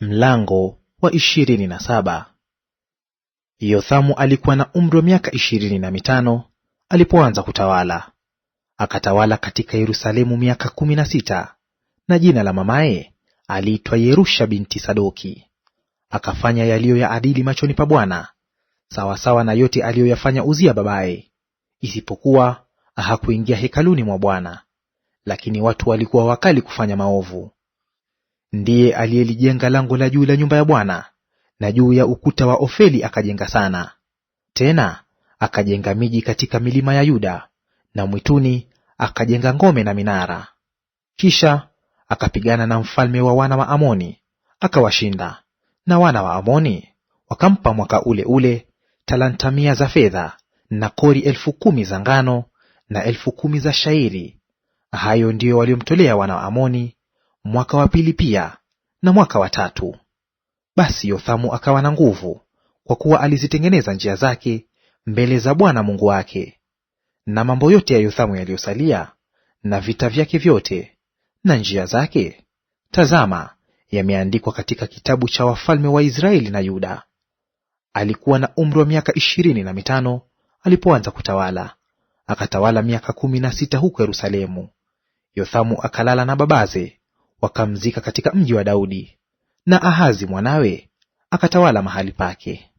Mlango wa ishirini na saba. Yothamu alikuwa na umri wa miaka ishirini na mitano alipoanza kutawala, akatawala katika Yerusalemu miaka kumi na sita, na jina la mamaye aliitwa Yerusha binti Sadoki. Akafanya yaliyo ya adili machoni pa Bwana sawasawa na yote aliyoyafanya Uzia babaye, isipokuwa hakuingia hekaluni mwa Bwana. Lakini watu walikuwa wakali kufanya maovu. Ndiye aliyelijenga lango la juu la nyumba ya Bwana, na juu ya ukuta wa Ofeli akajenga sana. Tena akajenga miji katika milima ya Yuda, na mwituni akajenga ngome na minara. Kisha akapigana na mfalme wa wana wa Amoni akawashinda, na wana wa Amoni wakampa mwaka ule ule talanta mia za fedha na kori elfu kumi za ngano na elfu kumi za shairi. Hayo ndiyo waliomtolea wana wa Amoni mwaka wa pili pia na mwaka wa tatu. Basi Yothamu akawa na nguvu, kwa kuwa alizitengeneza njia zake mbele za Bwana Mungu wake. Na mambo yote ya Yothamu yaliyosalia na vita vyake vyote na njia zake, tazama, yameandikwa katika kitabu cha wafalme wa Israeli na Yuda. Alikuwa na umri wa miaka ishirini na mitano alipoanza kutawala, akatawala miaka kumi na sita huko Yerusalemu. Yothamu akalala na babaze, wakamzika katika mji wa Daudi. Na Ahazi mwanawe akatawala mahali pake.